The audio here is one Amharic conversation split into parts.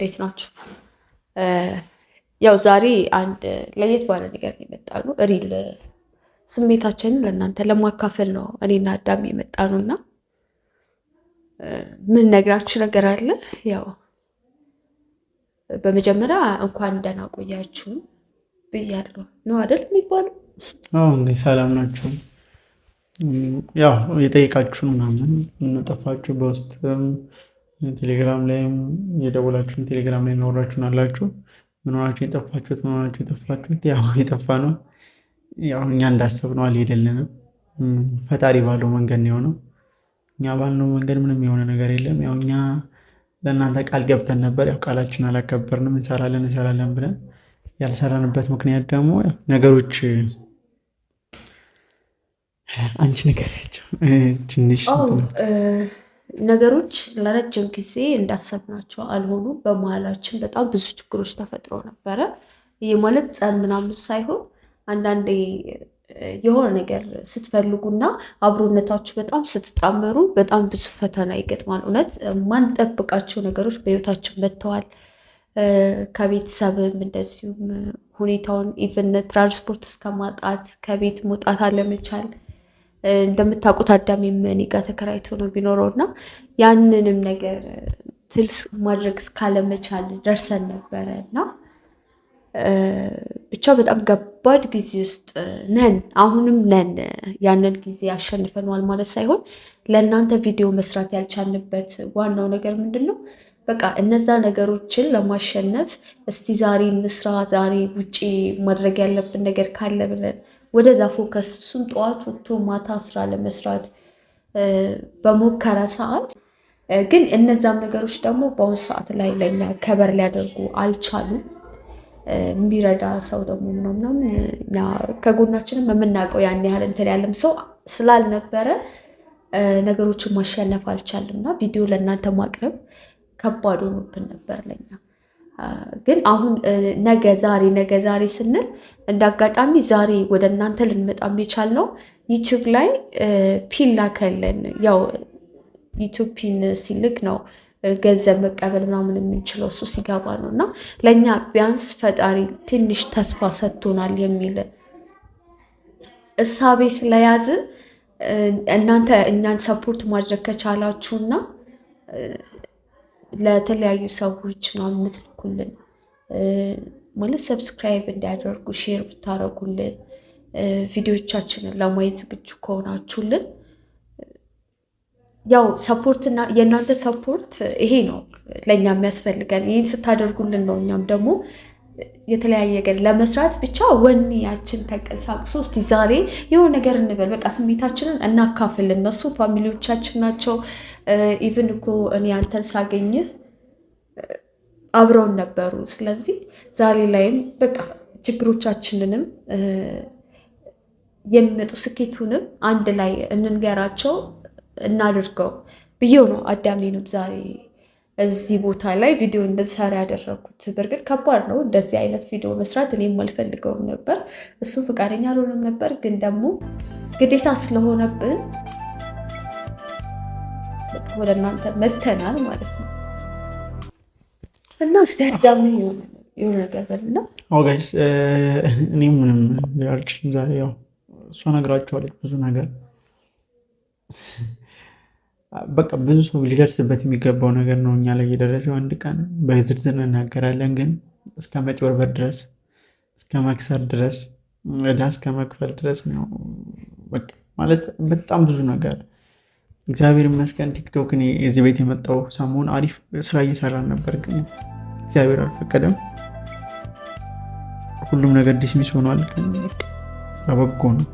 እንዴት ናችሁ? ያው ዛሬ አንድ ለየት ባለ ነገር ነው የመጣ ነው። ሪል ስሜታችንን ለእናንተ ለማካፈል ነው እኔና አዳም የመጣ ነው እና ምን ነግራችሁ ነገር አለ። ያው በመጀመሪያ እንኳን ደህና ቆያችሁ ብያለሁ ነው አይደል የሚባለው? ሰላም ናችሁ? ያው የጠየቃችሁን ምናምን ጠፋችሁ በውስጥ ቴሌግራም ላይም የደወላችሁን ቴሌግራም ላይ የሚያወራችሁን አላችሁ። መኖራችሁ የጠፋችሁት? መኖራችሁ የጠፋችሁት? ያው የጠፋ ነው ያው እኛ እንዳሰብነው አልሄደልንም። ፈጣሪ ባለው መንገድ ነው የሆነው። እኛ ባልነው መንገድ ምንም የሆነ ነገር የለም። ያው እኛ ለእናንተ ቃል ገብተን ነበር። ያው ቃላችን አላከበርንም። እንሰራለን እንሰራለን ብለን ያልሰራንበት ምክንያት ደግሞ ነገሮች አንቺ ያቸው ትንሽ ነገሮች ለረጅም ጊዜ እንዳሰብናቸው አልሆኑ። በመሀላችን በጣም ብዙ ችግሮች ተፈጥሮ ነበረ። ይህ ማለት ጸብ ምናምን ሳይሆን አንዳንዴ የሆነ ነገር ስትፈልጉና አብሮነታችሁ በጣም ስትጣመሩ በጣም ብዙ ፈተና ይገጥማል። እውነት ማንጠብቃቸው ነገሮች በህይወታችን መጥተዋል። ከቤተሰብም እንደዚሁም ሁኔታውን ኢቨን ትራንስፖርት እስከማጣት ከቤት መውጣት አለመቻል እንደምታውቁት አዳሚ መኒቃ ጋር ተከራይቶ ነው ቢኖረው እና ያንንም ነገር ትልስ ማድረግ እስካለመቻል ደርሰን ነበረ እና ብቻ በጣም ከባድ ጊዜ ውስጥ ነን፣ አሁንም ነን። ያንን ጊዜ አሸንፈነዋል ማለት ሳይሆን ለእናንተ ቪዲዮ መስራት ያልቻልንበት ዋናው ነገር ምንድን ነው? በቃ እነዛ ነገሮችን ለማሸነፍ እስቲ ዛሬ እንስራ፣ ዛሬ ውጪ ማድረግ ያለብን ነገር ካለ ብለን ወደዛ ፎከስ እሱም ጠዋት ወጥቶ ማታ ስራ ለመስራት በሞከረ ሰዓት ግን እነዛም ነገሮች ደግሞ በአሁኑ ሰዓት ላይ ለኛ ከበር ሊያደርጉ አልቻሉም። የሚረዳ ሰው ደግሞ ምናምናም ከጎናችንም የምናውቀው ያን ያህል እንትን ያለም ሰው ስላልነበረ ነገሮችን ማሸነፍ አልቻልም እና ቪዲዮ ለእናንተ ማቅረብ ከባድ ሆኖብን ነበር ለኛ። ግን አሁን ነገ ዛሬ ነገ ዛሬ ስንል እንደ አጋጣሚ ዛሬ ወደ እናንተ ልንመጣ የሚቻል ነው። ዩቱብ ላይ ፒን ላከልን። ያው ዩቱብ ፒን ሲልክ ነው ገንዘብ መቀበል ምናምን የምንችለው እሱ ሲገባ ነው። እና ለእኛ ቢያንስ ፈጣሪ ትንሽ ተስፋ ሰጥቶናል የሚል እሳቤ ስለያዝ እናንተ እኛን ሰፖርት ማድረግ ከቻላችሁና ለተለያዩ ሰዎች ምናምን የምትልኩልን ማለት ሰብስክራይብ እንዲያደርጉ ሼር ብታደርጉልን ቪዲዮቻችንን ለማየት ዝግጁ ከሆናችሁልን ያው ሰፖርትና የእናንተ ሰፖርት ይሄ ነው ለእኛ የሚያስፈልገን። ይህን ስታደርጉልን ነው እኛም ደግሞ የተለያየ ለመስራት ብቻ ወኔያችን ተንቀሳቅሶ እስቲ ዛሬ የሆነ ነገር እንበል፣ በቃ ስሜታችንን እናካፍል። እነሱ ፋሚሊዎቻችን ናቸው። ኢቭን እኮ እኔ አንተን ሳገኝ አብረውን ነበሩ። ስለዚህ ዛሬ ላይም በቃ ችግሮቻችንንም የሚመጡ ስኬቱንም አንድ ላይ እንንገራቸው፣ እናድርገው ብዬው ነው አዳሜ ነው ዛሬ እዚህ ቦታ ላይ ቪዲዮ እንድሰራ ያደረጉት። በእርግጥ ከባድ ነው እንደዚህ አይነት ቪዲዮ መስራት፣ እኔም አልፈልገውም ነበር፣ እሱ ፈቃደኛ አልሆነም ነበር። ግን ደግሞ ግዴታ ስለሆነብን ወደ እናንተ መተናል ማለት ነው እና እስቲ አዳሚ የሆነ ነገር በልና እኔ ምንም ዛሬ ያው እሷ ነግራችኋለች ብዙ ነገር በቃ ብዙ ሰው ሊደርስበት የሚገባው ነገር ነው እኛ ላይ የደረሰው። አንድ ቀን በዝርዝር እናገራለን ግን እስከ መጭበርበር ድረስ እስከ መክሰር ድረስ ዳ እስከ መክፈል ድረስ ነው። ማለት በጣም ብዙ ነገር እግዚአብሔር ይመስገን ቲክቶክ እኔ ቤት የመጣው ሰሞን አሪፍ ስራ እየሰራን ነበር፣ ግን እግዚአብሔር አልፈቀደም። ሁሉም ነገር ዲስሚስ ሆኗል፣ ግን በበጎ ነው።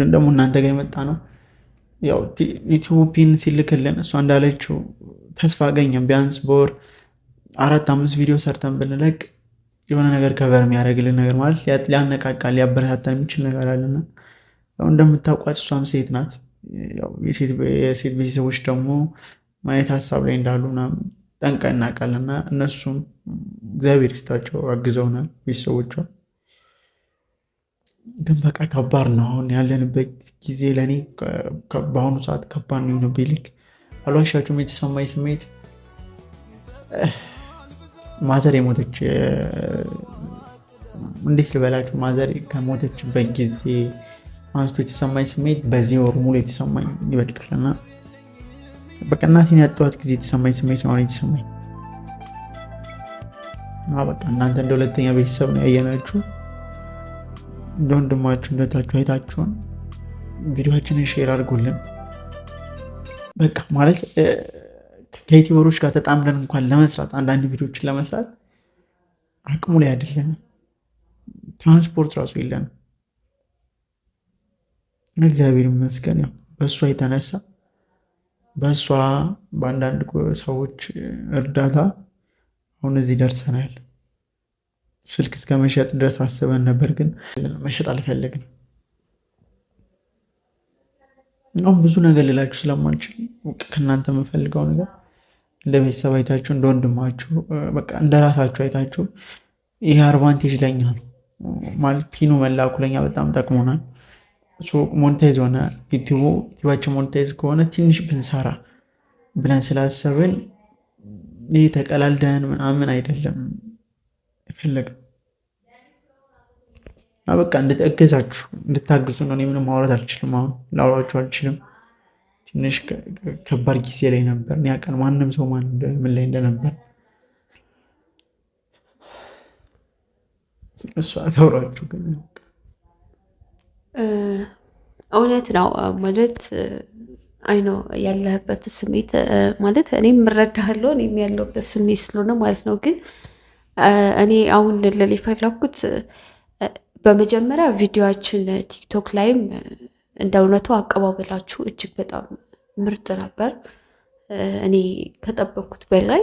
ግን ደግሞ እናንተ ጋር የመጣ ነው ያው ዩቲዩብ ፒን ሲልክልን እሷ እንዳለችው ተስፋ አገኘም። ቢያንስ በወር አራት አምስት ቪዲዮ ሰርተን ብንለቅ የሆነ ነገር ከበር የሚያደርግልን ነገር ማለት ሊያነቃቃ ሊያበረታታን የሚችል ነገር አለና ያው እንደምታውቋት እሷም ሴት ናት። የሴት ቤተሰቦች ደግሞ ማየት ሀሳብ ላይ እንዳሉ ጠንቅቀን እናውቃለን እና እነሱም እግዚአብሔር ይስጣቸው አግዘውናል ቤተሰቦቿ ግን በቃ ከባድ ነው። አሁን ያለንበት ጊዜ ለእኔ በአሁኑ ሰዓት ከባድ ነው የሆነብኝ። ልክ አልዋሻችሁም፣ የተሰማኝ ስሜት ማዘር የሞተች እንዴት ልበላችሁ፣ ማዘር ከሞተችበት ጊዜ አንስቶ የተሰማኝ ስሜት በዚህ ወር ሙሉ የተሰማኝ ይበልጣልና በቃ እናቴን ያጠዋት ጊዜ የተሰማኝ ስሜት ነው የተሰማኝ። በቃ እናንተ እንደ ሁለተኛ ቤተሰብ ነው ያየናችሁ። እንደወንድማችሁ እንደታችሁ አይታችሁን ቪዲዮችንን ሼር አድርጉልን። በቃ ማለት ከዩቲበሮች ጋር ተጣምደን እንኳን ለመስራት አንዳንድ ቪዲዮችን ለመስራት አቅሙ ላይ አይደለም። ትራንስፖርት ራሱ የለን። እግዚአብሔር ይመስገን ያው በእሷ የተነሳ በእሷ በአንዳንድ ሰዎች እርዳታ አሁን እዚህ ደርሰናል። ስልክ እስከ መሸጥ ድረስ አስበን ነበር፣ ግን መሸጥ አልፈለግን። አሁን ብዙ ነገር ልላችሁ ስለማልችል ከእናንተ የምፈልገው ነገር እንደ ቤተሰብ አይታችሁ እንደ ወንድማችሁ በቃ እንደ ራሳችሁ አይታችሁ ይህ አድቫንቴጅ ለኛ ነው ማለት ፒኑ መላኩ ለኛ በጣም ጠቅሞናል። ሞኔታይዝ ሆነ ዩቲቡ ዩቲባችን ሞኔታይዝ ከሆነ ትንሽ ብንሰራ ብለን ስላሰብን ይህ ተቀላልደን ምናምን አይደለም አይፈለግም። በቃ እንድትእገዛችሁ እንድታግዙ ነው። እኔ ምንም ማውራት አልችልም። አሁን ላውራችሁ አልችልም። ትንሽ ከባድ ጊዜ ላይ ነበር። ያ ቀን ማንም ሰው ማን ምን ላይ እንደነበር እሷ ተውራችሁ። ግን እውነት ነው ማለት አይ ነው ያለህበት ስሜት ማለት እኔም እረዳሃለሁ እኔም ያለሁበት ስሜት ስለሆነ ማለት ነው ግን እኔ አሁን ልል የፈለኩት በመጀመሪያ ቪዲዮችን ቲክቶክ ላይም እንደ እውነቱ አቀባበላችሁ እጅግ በጣም ምርጥ ነበር። እኔ ከጠበኩት በላይ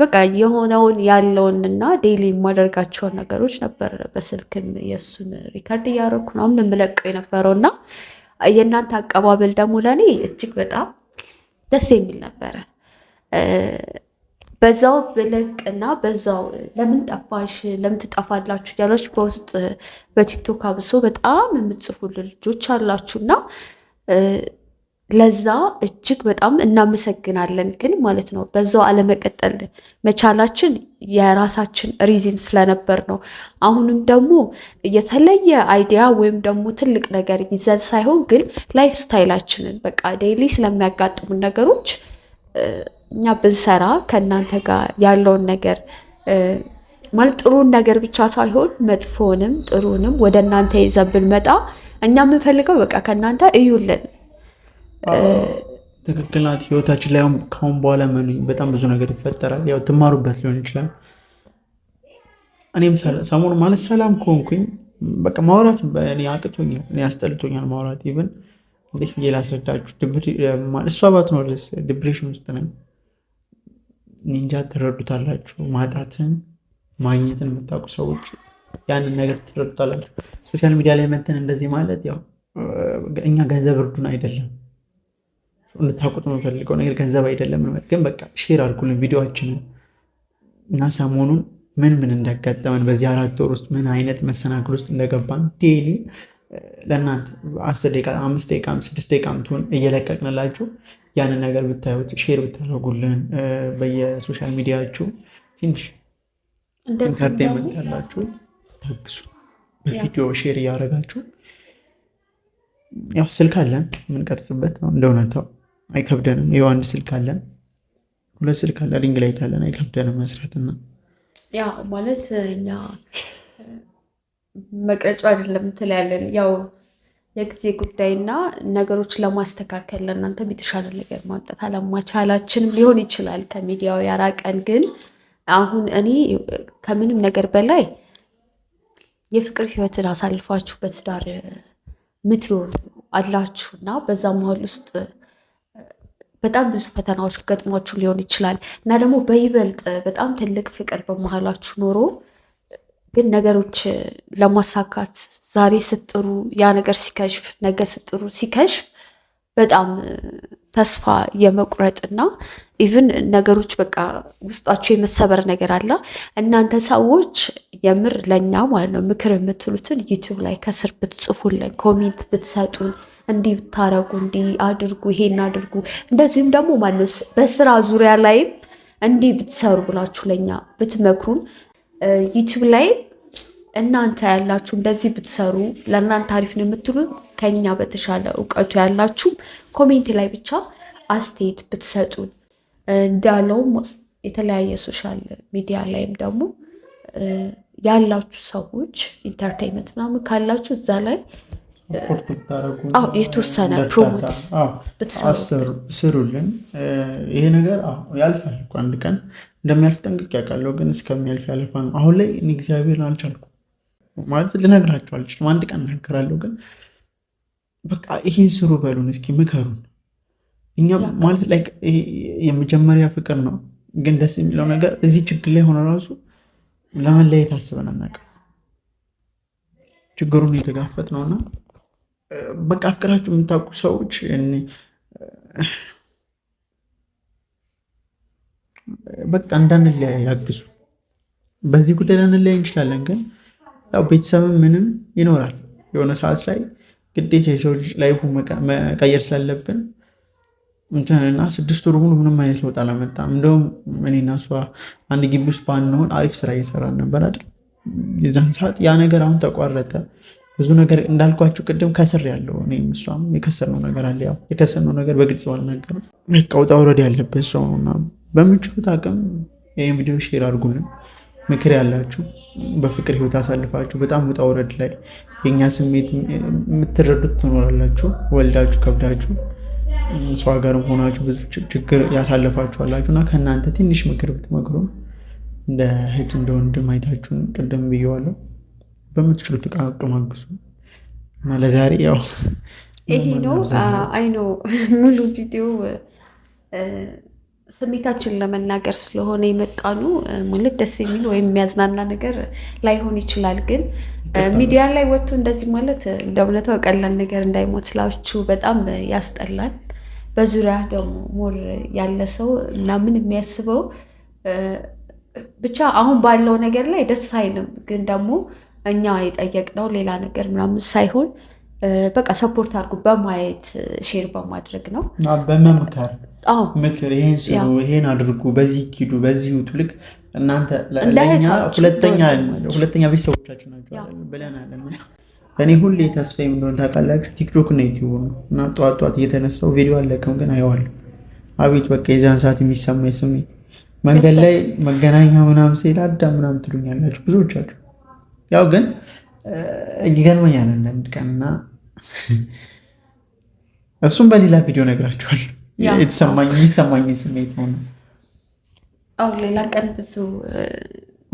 በቃ የሆነውን ያለውንና ዴይሊ የማደርጋቸውን ነገሮች ነበር። በስልክም የእሱን ሪከርድ እያደረኩ ነው የምለቀው የነበረው እና የእናንተ አቀባበል ደግሞ ለእኔ እጅግ በጣም ደስ የሚል ነበረ። በዛው እና በዛው ለምን ጠፋሽ ለምን ትጠፋላችሁ እያለች በውስጥ በቲክቶክ አብሶ በጣም የምትጽፉል ልጆች አላችሁና ለዛ እጅግ በጣም እናመሰግናለን። ግን ማለት ነው በዛው አለመቀጠል መቻላችን የራሳችን ሪዝን ስለነበር ነው። አሁንም ደግሞ የተለየ አይዲያ ወይም ደግሞ ትልቅ ነገር ይዘን ሳይሆን ግን ላይፍ ስታይላችንን በቃ ዴይሊ ስለሚያጋጥሙን ነገሮች እኛ ብንሰራ ከእናንተ ጋር ያለውን ነገር ማለት ጥሩን ነገር ብቻ ሳይሆን መጥፎንም ጥሩንም ወደ እናንተ ይዘን ብንመጣ እኛ የምንፈልገው በቃ ከእናንተ እዩልን። ትክክል ናት። ህይወታችን ላይ ከአሁን በኋላ መኑ በጣም ብዙ ነገር ይፈጠራል። ያው ትማሩበት ሊሆን ይችላል። እኔም ሰሞኑ ማለት ሰላም ከሆንኩኝ በቃ ማውራት አቅቶኛል፣ እኔ አስጠልቶኛል ማውራት። ኢቨን እንዴት ብዬ ላስረዳችሁ? እሷ ባትኖር ድብሬሽን ውስጥ ነኝ እንጃ ትረዱታላችሁ። ማጣትን ማግኘትን የምታውቁ ሰዎች ያንን ነገር ትረዱታላችሁ። ሶሻል ሚዲያ ላይ መተን እንደዚህ ማለት ያው እኛ ገንዘብ እርዱን አይደለም እንድታውቁት የምፈልገው ነገር ገንዘብ አይደለም። ግን በቃ ሼር አድርጉልን ቪዲዮችንን እና ሰሞኑን ምን ምን እንዳጋጠመን በዚህ አራት ወር ውስጥ ምን አይነት መሰናክል ውስጥ እንደገባን ዴይሊ ለእናንተ አስር ደቂቃ አምስት ደቂቃ ስድስት ደቂቃ ምትሆን እየለቀቅንላችሁ ያንን ነገር ብታዩት ሼር ብታደርጉልን በየሶሻል ሚዲያችሁ ትንሽ ኢንተርቴንመንት ያላችሁ ታግሱ። በቪዲዮ ሼር እያደረጋችሁ ያው ስልክ አለን የምንቀርጽበት ነው እንደ አይከብደንም። ይኸው አንድ ስልክ አለን፣ ሁለት ስልክ አለን፣ ሪንግ ላይት አለን። አይከብደንም መስራትና ያው ማለት እኛ መቅረጫ አይደለም ትላለን። ያው የጊዜ ጉዳይና ነገሮች ለማስተካከል ለእናንተ የተሻለ ነገር ማምጣት አለማቻላችንም ሊሆን ይችላል ከሚዲያው ያራቀን። ግን አሁን እኔ ከምንም ነገር በላይ የፍቅር ህይወትን አሳልፋችሁ በትዳር ምትኖሩ አላችሁ እና በዛ መሀል ውስጥ በጣም ብዙ ፈተናዎች ገጥሟችሁ ሊሆን ይችላል እና ደግሞ በይበልጥ በጣም ትልቅ ፍቅር በመሀላችሁ ኖሮ ግን ነገሮች ለማሳካት ዛሬ ስትጥሩ ያ ነገር ሲከሽፍ፣ ነገ ስትጥሩ ሲከሽፍ በጣም ተስፋ የመቁረጥ እና ኢቭን ነገሮች በቃ ውስጣቸው የመሰበር ነገር አለ። እናንተ ሰዎች የምር ለእኛ ማለት ነው ምክር የምትሉትን ዩቲዩብ ላይ ከስር ብትጽፉልን፣ ኮሜንት ብትሰጡን፣ እንዲህ ብታረጉ፣ እንዲህ አድርጉ፣ ይሄን አድርጉ፣ እንደዚሁም ደግሞ ማለት ነው በስራ ዙሪያ ላይም እንዲህ ብትሰሩ ብላችሁ ለእኛ ብትመክሩን ዩቲዩብ ላይ እናንተ ያላችሁ እንደዚህ ብትሰሩ ለእናንተ አሪፍ ነው የምትሉ ከኛ በተሻለ እውቀቱ ያላችሁ ኮሜንት ላይ ብቻ አስተያየት ብትሰጡን እንዳለውም የተለያየ ሶሻል ሚዲያ ላይም ደግሞ ያላችሁ ሰዎች ኢንተርቴንመንት ምናምን ካላችሁ እዛ ላይ የተወሰነ ፕሮሞት ስሩልን። ይሄ ነገር ያልፋል አንድ ቀን እንደሚያልፍ ጠንቅቄ ያውቃለሁ ግን እስከሚያልፍ ያለፋ ነው። አሁን ላይ እኔ እግዚአብሔርን አልቻልኩም ማለት ልነግራቸው አልችልም። አንድ ቀን እናገራለሁ፣ ግን በቃ ይሄን ስሩ በሉን፣ እስኪ ምከሩን። እኛ ማለት ላይ የመጀመሪያ ፍቅር ነው፣ ግን ደስ የሚለው ነገር እዚህ ችግር ላይ ሆነ ራሱ ለመለየት አስበን አናውቅም። ችግሩን የተጋፈጥ ነውና በቃ ፍቅራቸው የምታውቁ ሰዎች በቃ እንዳንለያይ ያግዙ። በዚህ ጉዳይ ላንለያይ እንችላለን፣ ግን ያው ቤተሰብም ምንም ይኖራል። የሆነ ሰዓት ላይ ግዴታ የሰው ልጅ ላይፉ መቀየር ስላለብን እንትንና ስድስት ወር ሙሉ ምንም አይነት ለውጥ አላመጣም። እንደውም እኔና እሷ አንድ ግቢ ውስጥ ባንሆን አሪፍ ስራ እየሰራን ነበር አይደል? የዛን ሰዓት ያ ነገር አሁን ተቋረጠ። ብዙ ነገር እንዳልኳችሁ ቅድም ከስር ያለው እኔም እሷም የከሰርነው ነገር አለ። ያው የከሰርነው ነገር በግልጽ ባልነገር ቀውጣ ውረድ ያለበት ሰው ነው ምናምን በምችሉት አቅም ይህን ቪዲዮ ሼር አድርጉልን። ምክር ያላችሁ በፍቅር ህይወት አሳልፋችሁ በጣም ውጣ ውረድ ላይ የእኛ ስሜት የምትረዱት ትኖራላችሁ። ወልዳችሁ ከብዳችሁ ሰው ሀገርም ሆናችሁ ብዙ ችግር ያሳልፋችኋላችሁ እና ከእናንተ ትንሽ ምክር ብትመክሩ እንደ እህት እንደ ወንድም አይታችሁን ቅድም ብየዋለሁ። በምትችሉት ጥቃቅም አግዙ እና ለዛሬ ያው ይሄ ነው። አይ ነው ሙሉ ቪዲዮ ስሜታችን ለመናገር ስለሆነ የመጣኑ ሙልት ደስ የሚል ወይም የሚያዝናና ነገር ላይሆን ይችላል። ግን ሚዲያ ላይ ወጥቶ እንደዚህ ማለት እንደ እውነታው ቀላል ነገር እንዳይሞት እንዳይመስላችሁ በጣም ያስጠላል። በዙሪያ ደግሞ ሞር ያለ ሰው ምናምን የሚያስበው ብቻ አሁን ባለው ነገር ላይ ደስ አይልም። ግን ደግሞ እኛ የጠየቅነው ሌላ ነገር ምናምን ሳይሆን በቃ ሰፖርት አድርጉ በማየት ሼር በማድረግ ነው በመምከር ምክር፣ ይሄን ስሩ፣ ይሄን አድርጉ፣ በዚህ ኪዱ፣ በዚህ ውጡ። ልክ እናንተ ለእኛ ሁለተኛ ቤተሰቦቻችን ናቸው ብለናል። እኔ ሁሌ ተስፋ የምንደሆን ታውቃላችሁ፣ ቲክቶክ እና ዩቲዩብ ነው እና ጠዋት ጠዋት እየተነሳው ቪዲዮ አለቀም ግን አየዋለሁ። አቤት በቃ የዛን ሰዓት የሚሰማ ስሜት መንገድ ላይ መገናኛ ምናምን ሲል አዳም ምናምን ትሉኛላችሁ ብዙዎቻችሁ። ያው ግን ይገርመኛል አንዳንድ ቀን እና እሱም በሌላ ቪዲዮ ነግራችኋለሁ። የተሰማኝ የሚሰማኝ ስሜት ሆነ። ሌላ ቀን ብዙ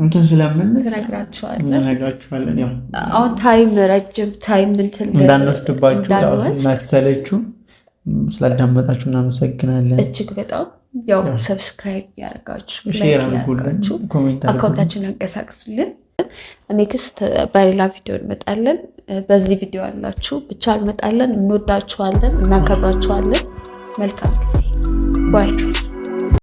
እንትን ስለምን እነግራችኋለን። ያው አሁን ታይም ረጅም ታይም እንትን እንዳንወስድባችሁ መሰለችሁ። ስላዳመጣችሁ እናመሰግናለን እጅግ በጣም ያው ሰብስክራይብ ያደርጋችሁ አካውንታችን ያንቀሳቅሱልን። ኔክስት በሌላ ቪዲዮ እንመጣለን። በዚህ ቪዲዮ አላችሁ ብቻ እንመጣለን። እንወዳችኋለን፣ እናከብራችኋለን። መልካም ጊዜ ባይ